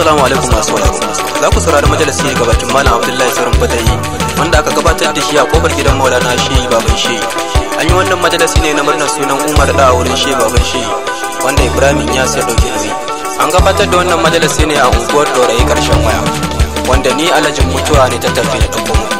Assalamu alaikum masu wani. Za ku saurari majalisi ga bakin Malam Abdullahi Sarin Fatayi wanda aka gabatar da shi a kofar gidan Maulana Shehi Baban Shehi. An yi wannan majalisi ne na murnar sunan Umar da wurin Shehi Baban Shehi wanda Ibrahim ya sai dauke nauyi. An gabatar da wannan majalisi ne a unguwar Dorayi karshen waya wanda ni alhajin mutuwa ne ta tafi da ɗan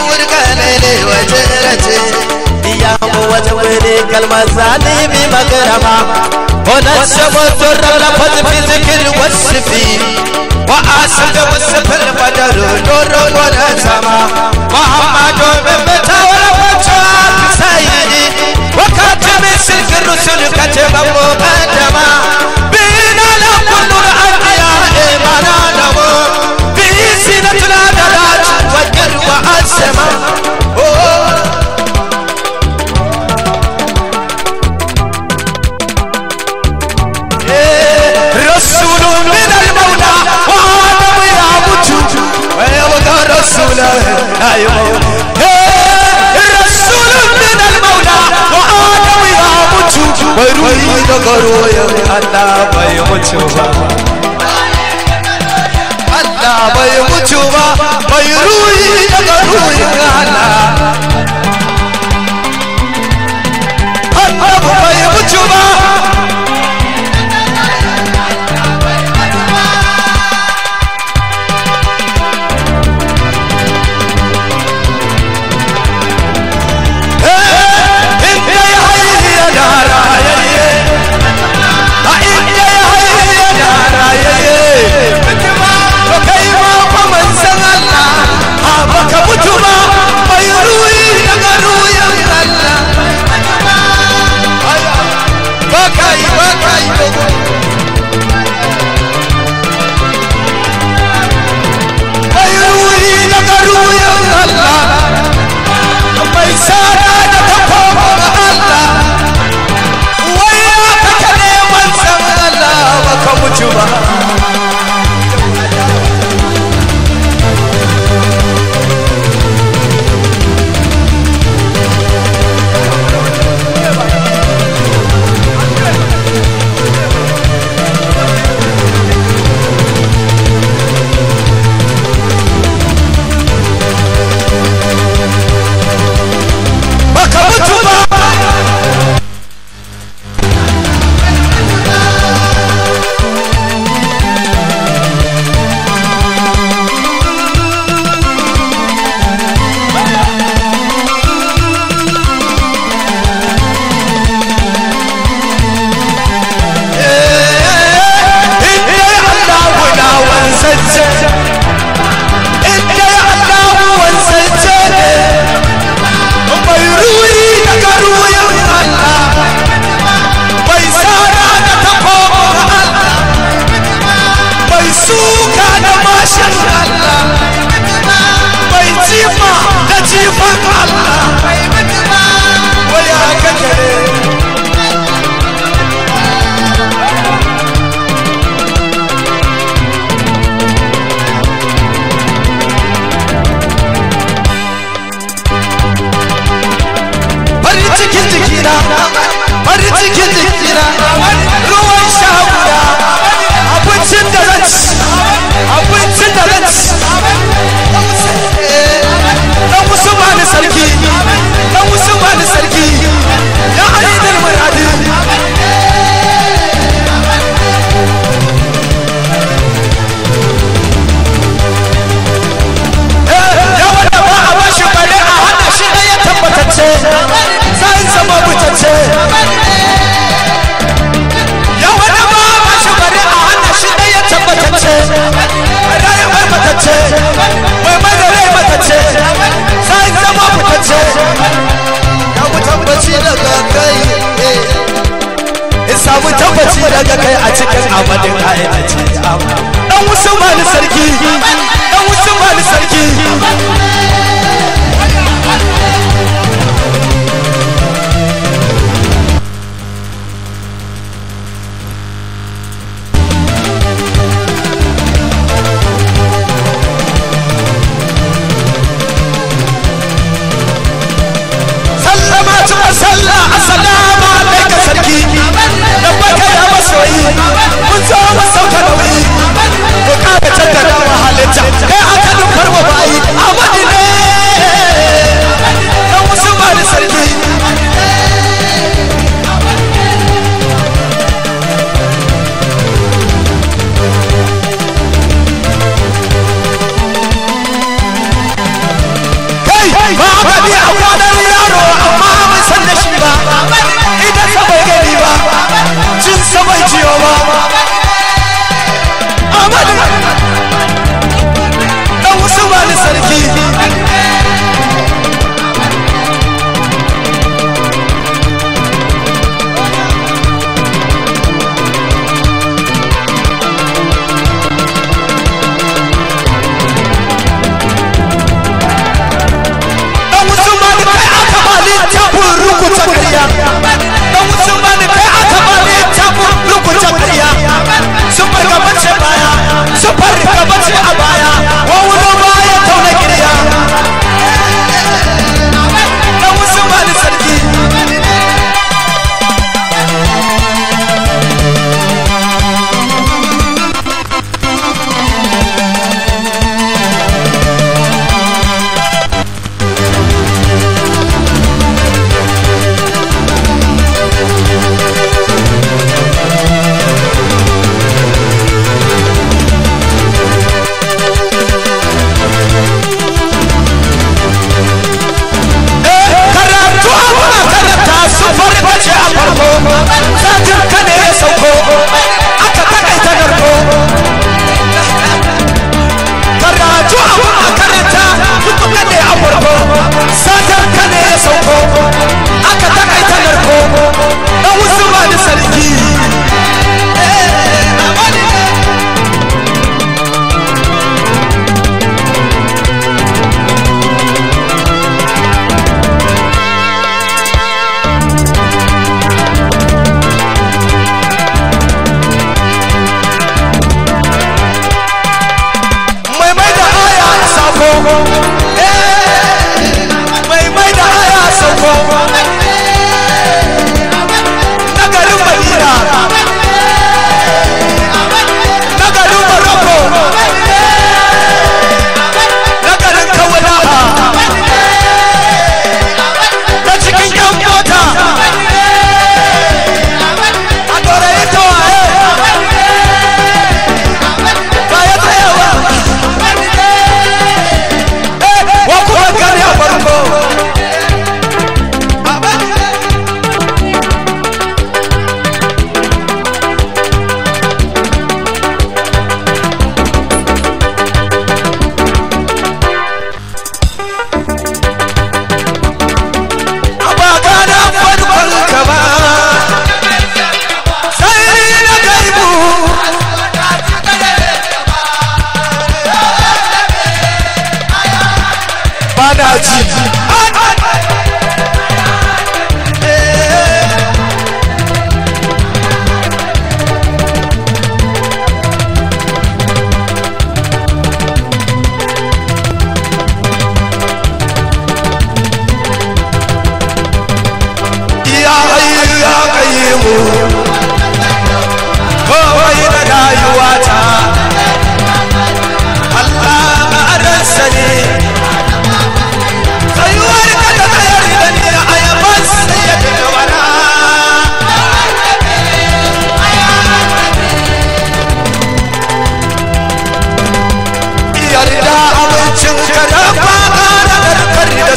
ne wace race iya mu wata wani kalmar zalimi makarama wannan sabatun wa wacce wa mu sẹ́mà. Rasulu wa Adam ya mutu wa ya wata rasula ya yi wa Adam ya wa ya Allah bai mutu ba bai ruhi daga ruhin Allah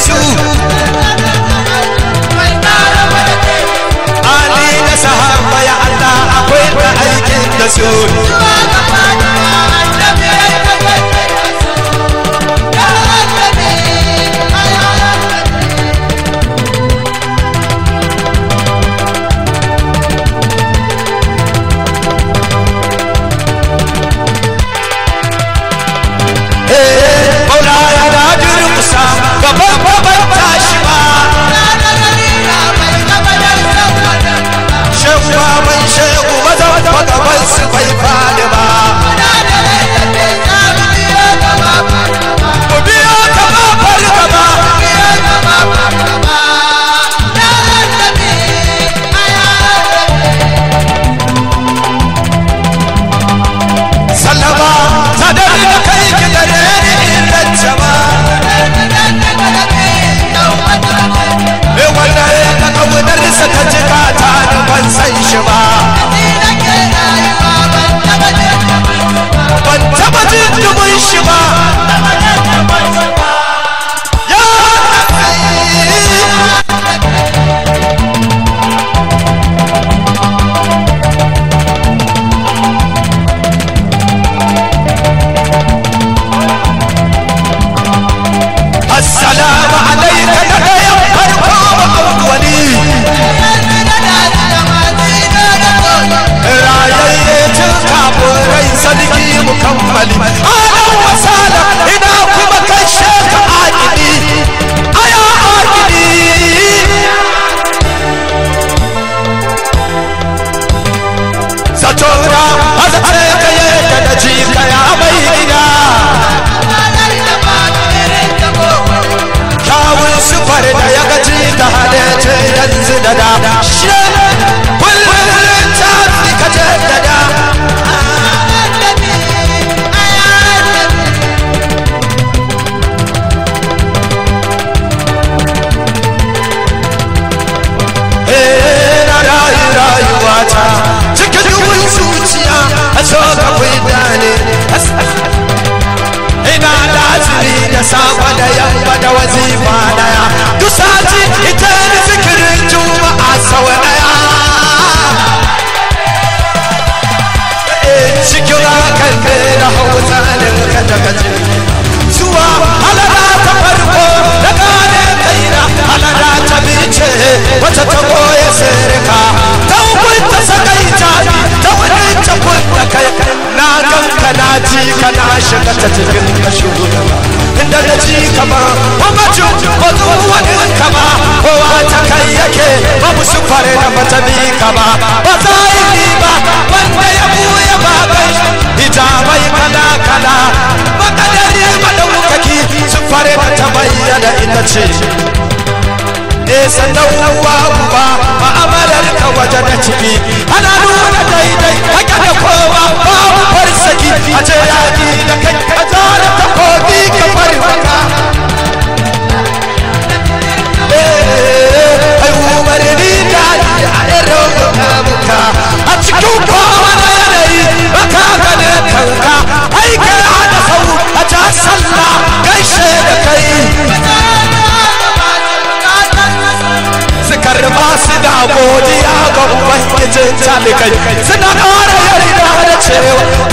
su ali da sahaba ya Allah akwai da aikin da su निकल सदाकार है यार छे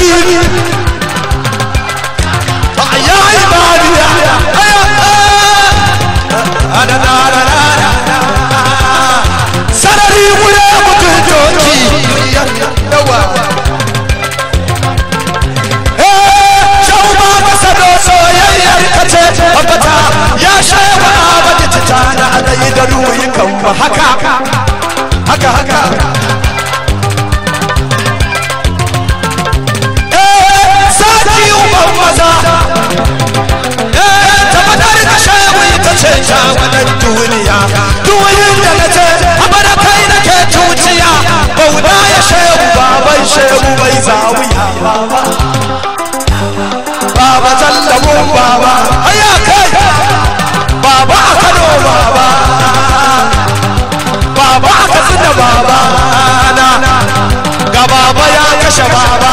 Haka, ضع يا عبادي انا انا انا سنري ولا متهجوتي نواب tabbata ya shewa ba ta tana da yi da ruwa yi kan haka haka haka cuta wannan duniya duniyar da na ce haɓa da kai na ke cuciya bauda ya shehu baban shehu bai zawiya baba tallabun baba haya kai baba a kano baba baba a katsina baba na ga baba ya kashe baba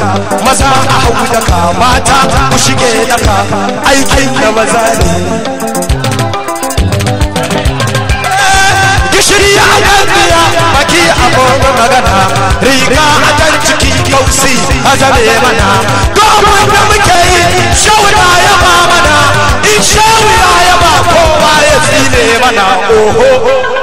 maza a hagu daka mata ku shige daka aikin da maza ne gishiri a ƙarfiya baki a kogon magana riga a can ciki kausi a zame mana domin da muke yi shawuna ya ba mana in shawuna ya ba kowa ya tsine mana oho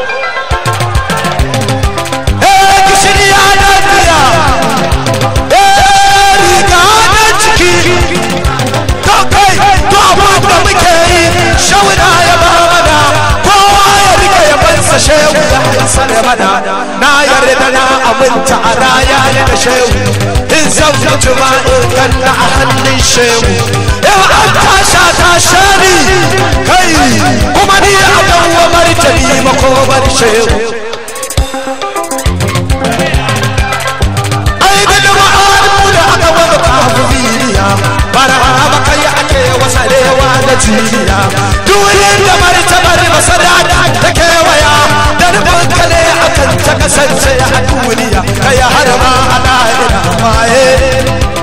sani na yarda da na abinci a raya ne da shehu in zan fito ma in kan a hannun shehu yau an tasha ta shari kai kuma ni a dawo bari ta bi mako bari shehu ai ga da ma'arifu da aka wanda ta hafi biliya bara haba kai ake wasalewa da jiniya duk yadda bari ta bari masana da kewaya karfin ka ne caka ta kasance a duniya kai harama a lahira maye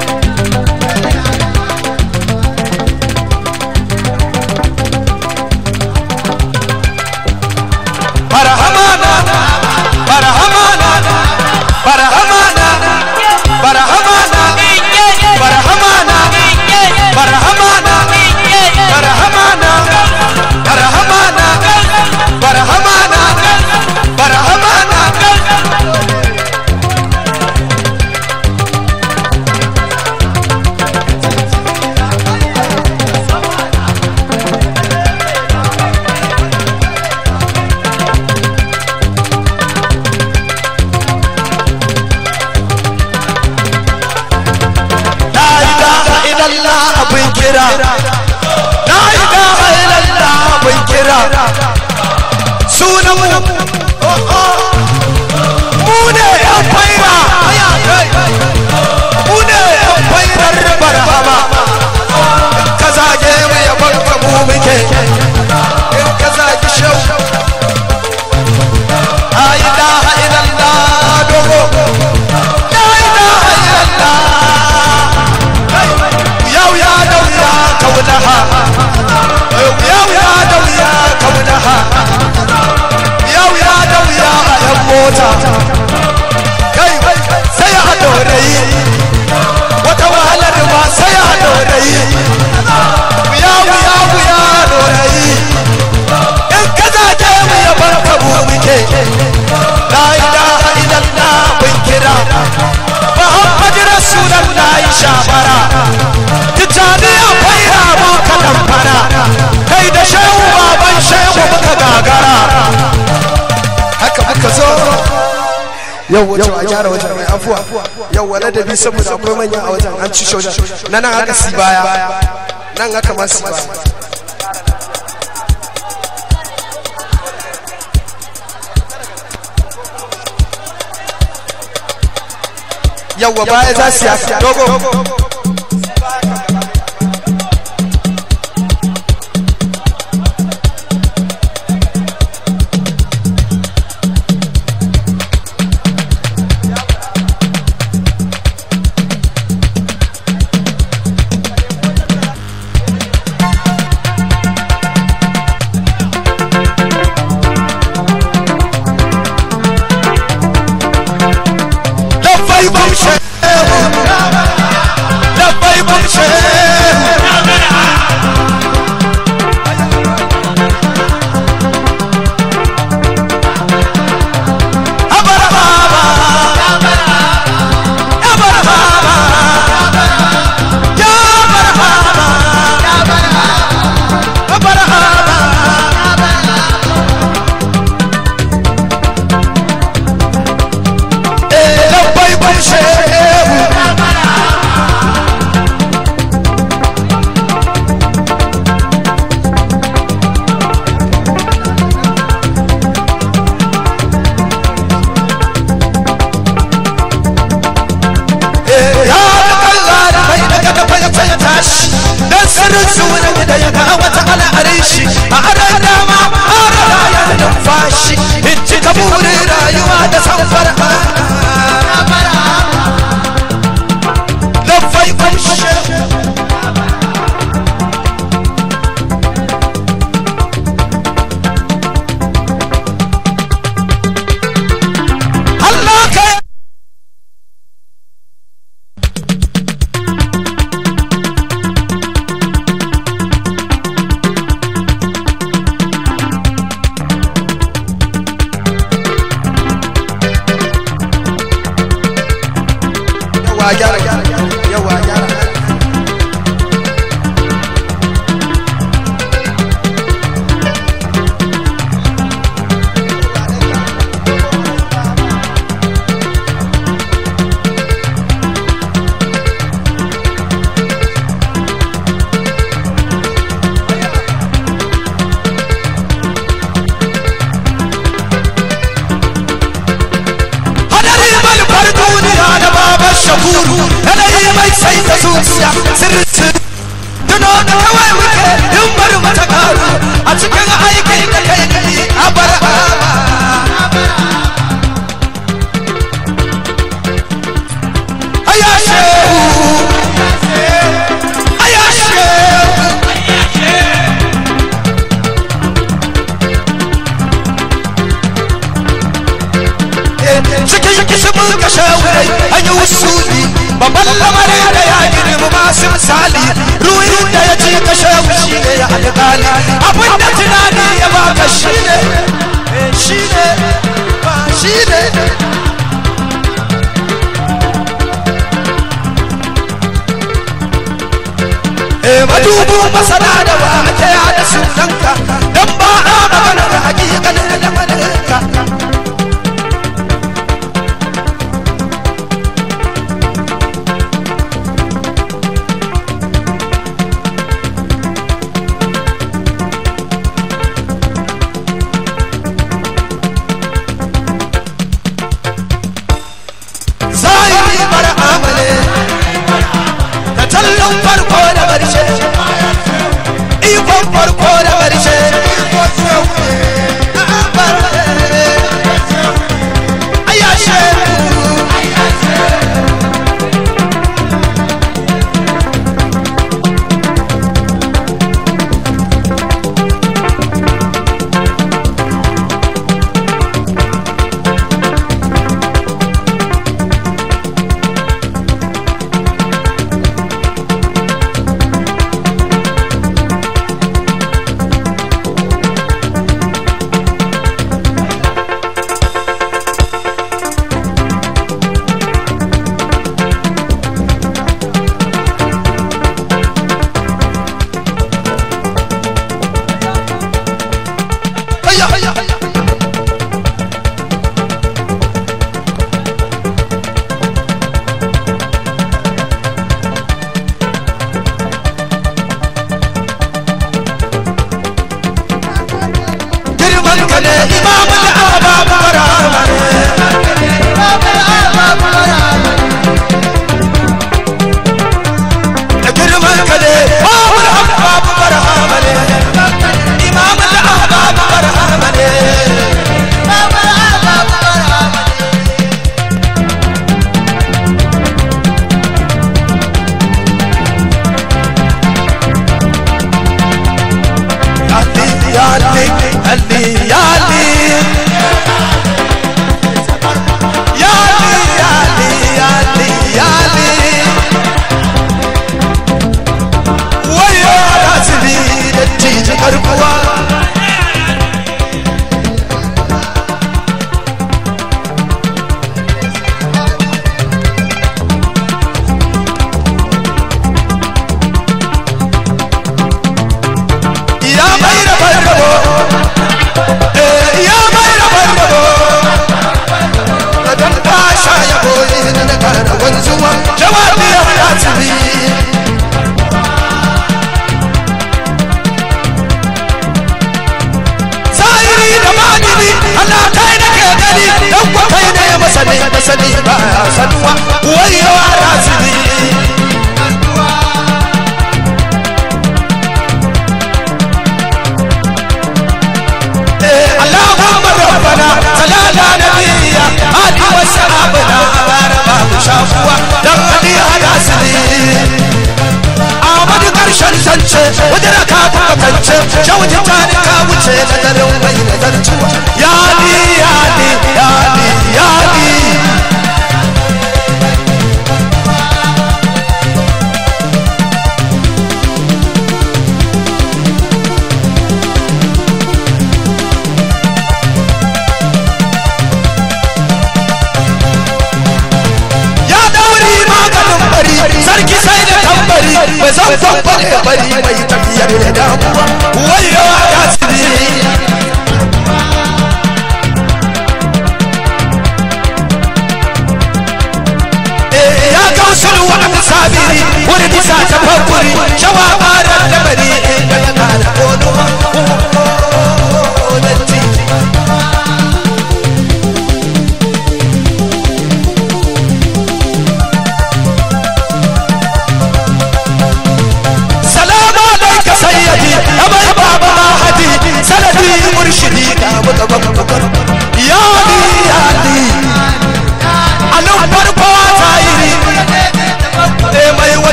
yau wacce a gyara wajen mai afuwa yau da saboda akwai manya a wajen an ci na nan si baya nan haka ma si baya yau wa baya za su yasa dogo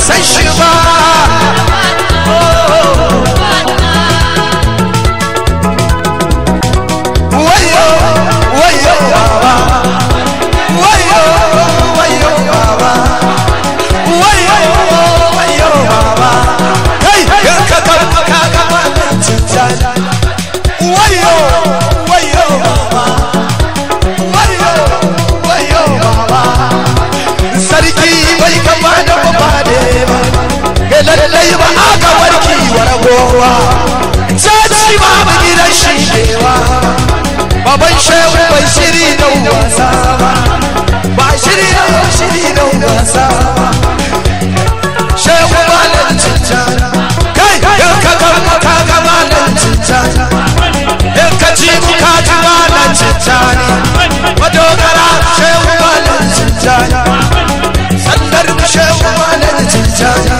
Sessions. da dai ba aka warki wa ragowa sai ba mu gidan shi kewa baban shehu bai shiri da wasa ba shiri da shiri da wasa shehu malam cincana kai in ka ga ka ga malam cincana in ka ci mu ka ji malam cincana madogara shehu malam cincana sandar shehu malam cincana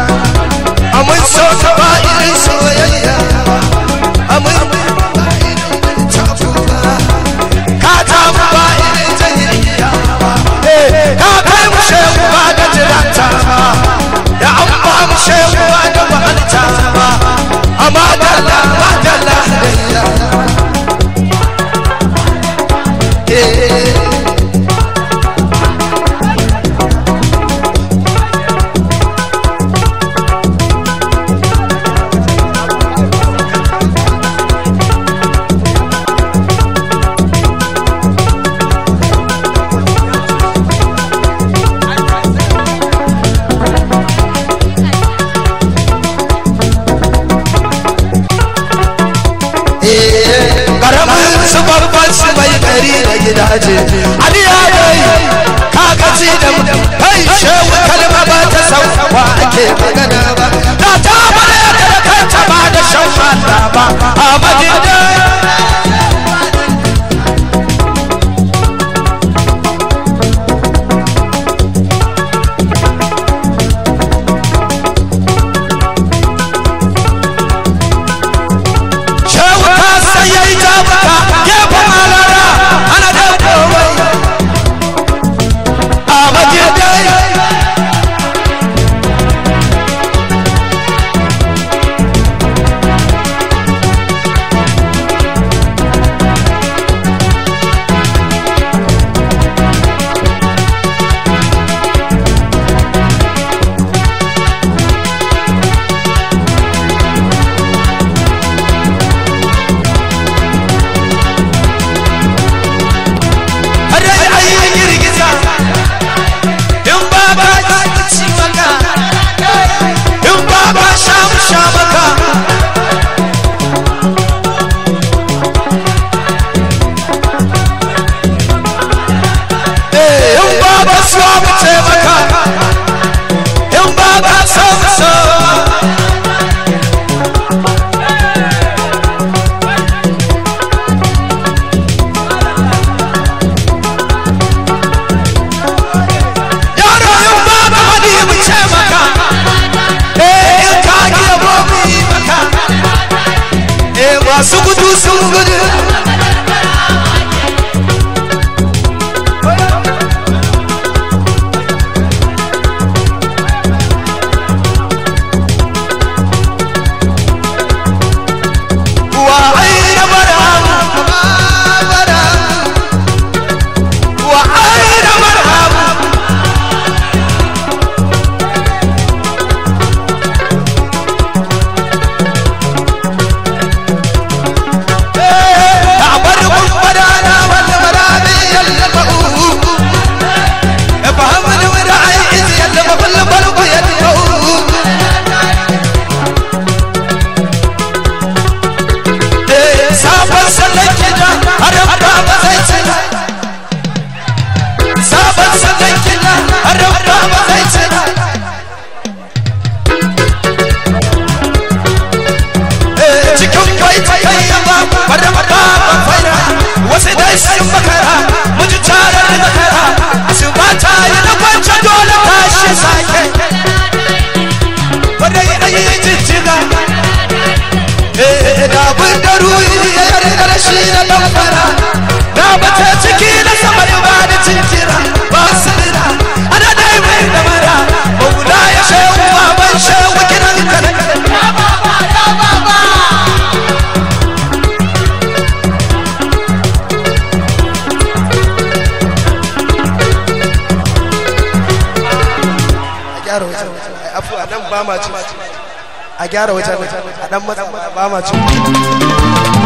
a gyara wajen a dan matsa ba ma cikin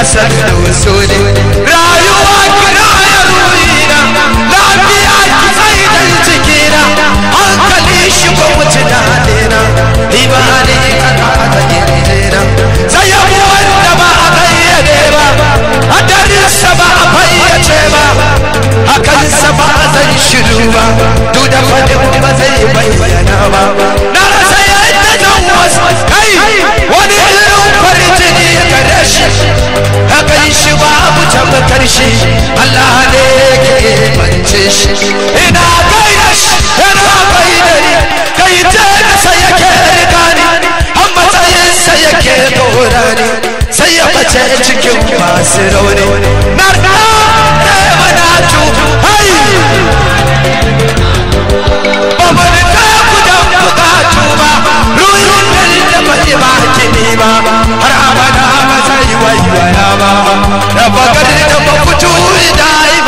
kasar da wasu ne rayuwa kira ya ruina lafiya ki tsaidan cikina hankali shi ba wuce dadina ni ba ne kana ta gidina sai yabo wanda ba a kayyade ba hadarinsa ba a fayyace ba hakansa ba a zan shiru ba duk da fadin ba zai ba na wasu farin shi ka gan shi babu tabbatar shi Allah ne ke bance shi ina gaida shi yana baidari kai ta nasa yake rigani a matsayinsa yake dora sai ya bace cikin masu rauni narka ne mana bukatu ba ruhin da ba ba har abada ya yaba Rafa kadri tafafutu idai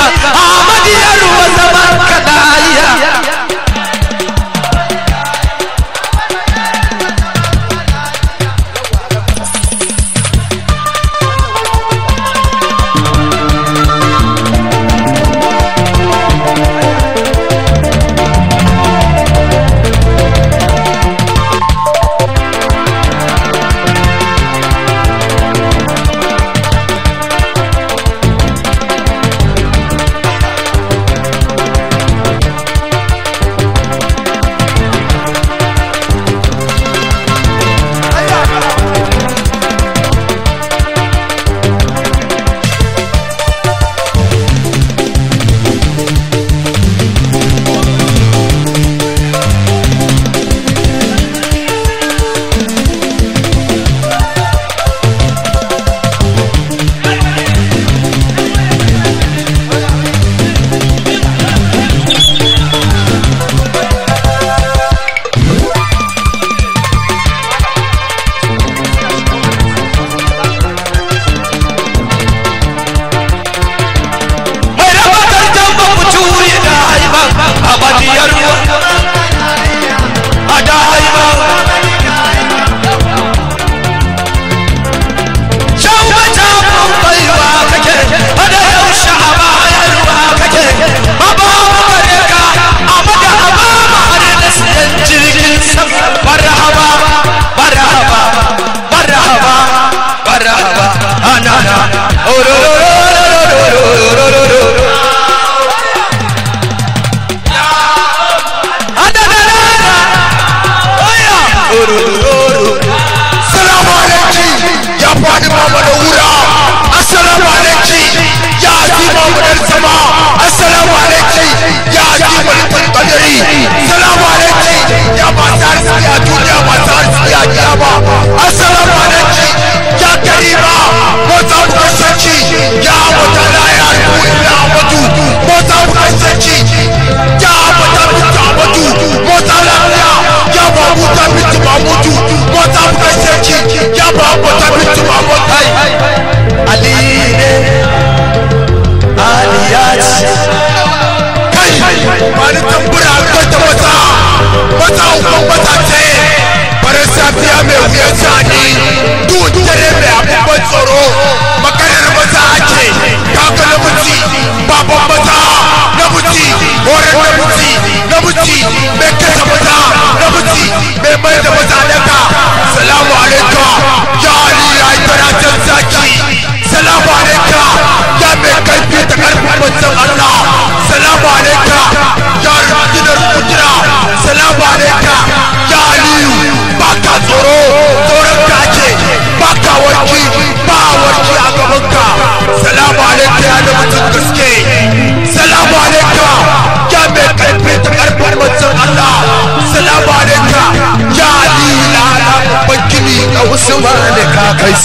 Salam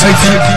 Take it.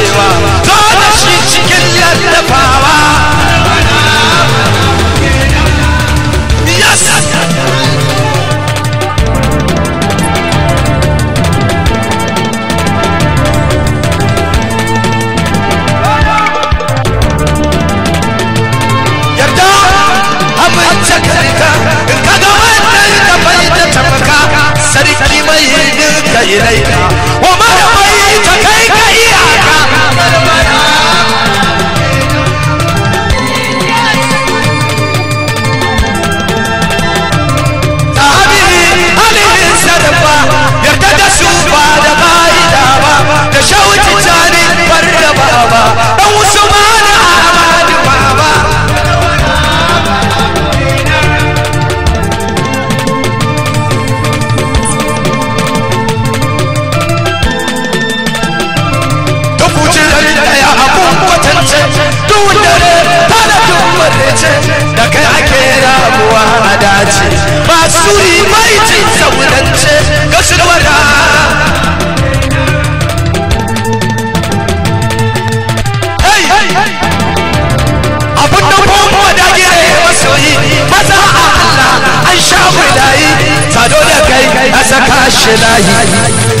ashe I?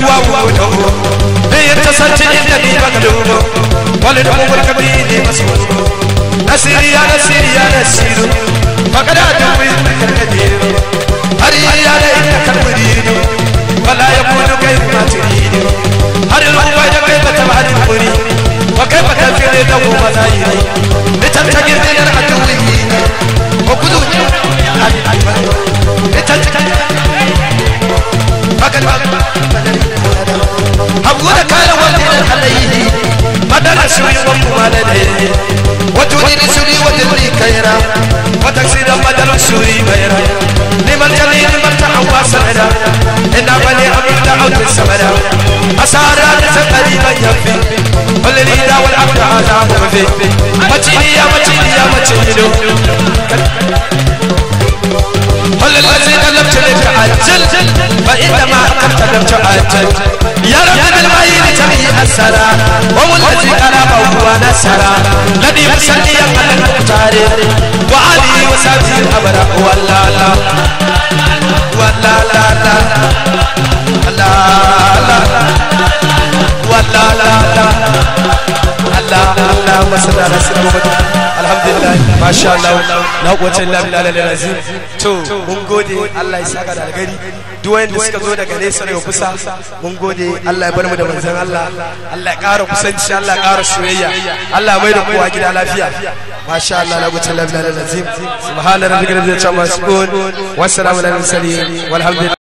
shiwa wuto ne ya tsace ni da duba da duba wala da kuma ka bi ne masu nasiri ya nasiri ya nasiri magana da mu yi karka ne har yi ya da ina karbu ne wala ya mu da kai ma ci ne har yi ruwa da kai ba ta ba ni kuri ba kai ba ta fi ne da kuma na yi ne ne can ta girbe na kan wuri ne ko kudu ne ne can ta kan ne ba kan ba kan شوي ومالدي وتوديني سوري وتدري كيرا وتكسير بدل سوري غيرا لمن جليل من تحوى سعرا إن بني عبد دعوت السمرا أسارا نزل قريبا يفي قل لي لا والعبد عذاب في مجيني يا مجيني يا مجيني فالذي قلبتني فعجل فإنما قلبت فعجل يا رب المعين تبعي السرى والذي قربه ونسرى الذي مسلي على المختار وعلي وسبيل أبرأ والله masha Allah na kuwa can lamina da lalazin to mun gode Allah ya saka da algari duwayen da suka zo daga nesa ne kusa mun gode Allah ya bar mu da manzan Allah Allah ya ƙara kusanci Allah ya ƙara soyayya Allah mai da kowa gida lafiya masha Allah na gutun lafiya da lazim subhanallahi rabbil alamin wa salamun wassalamu alal mursalin walhamdulillah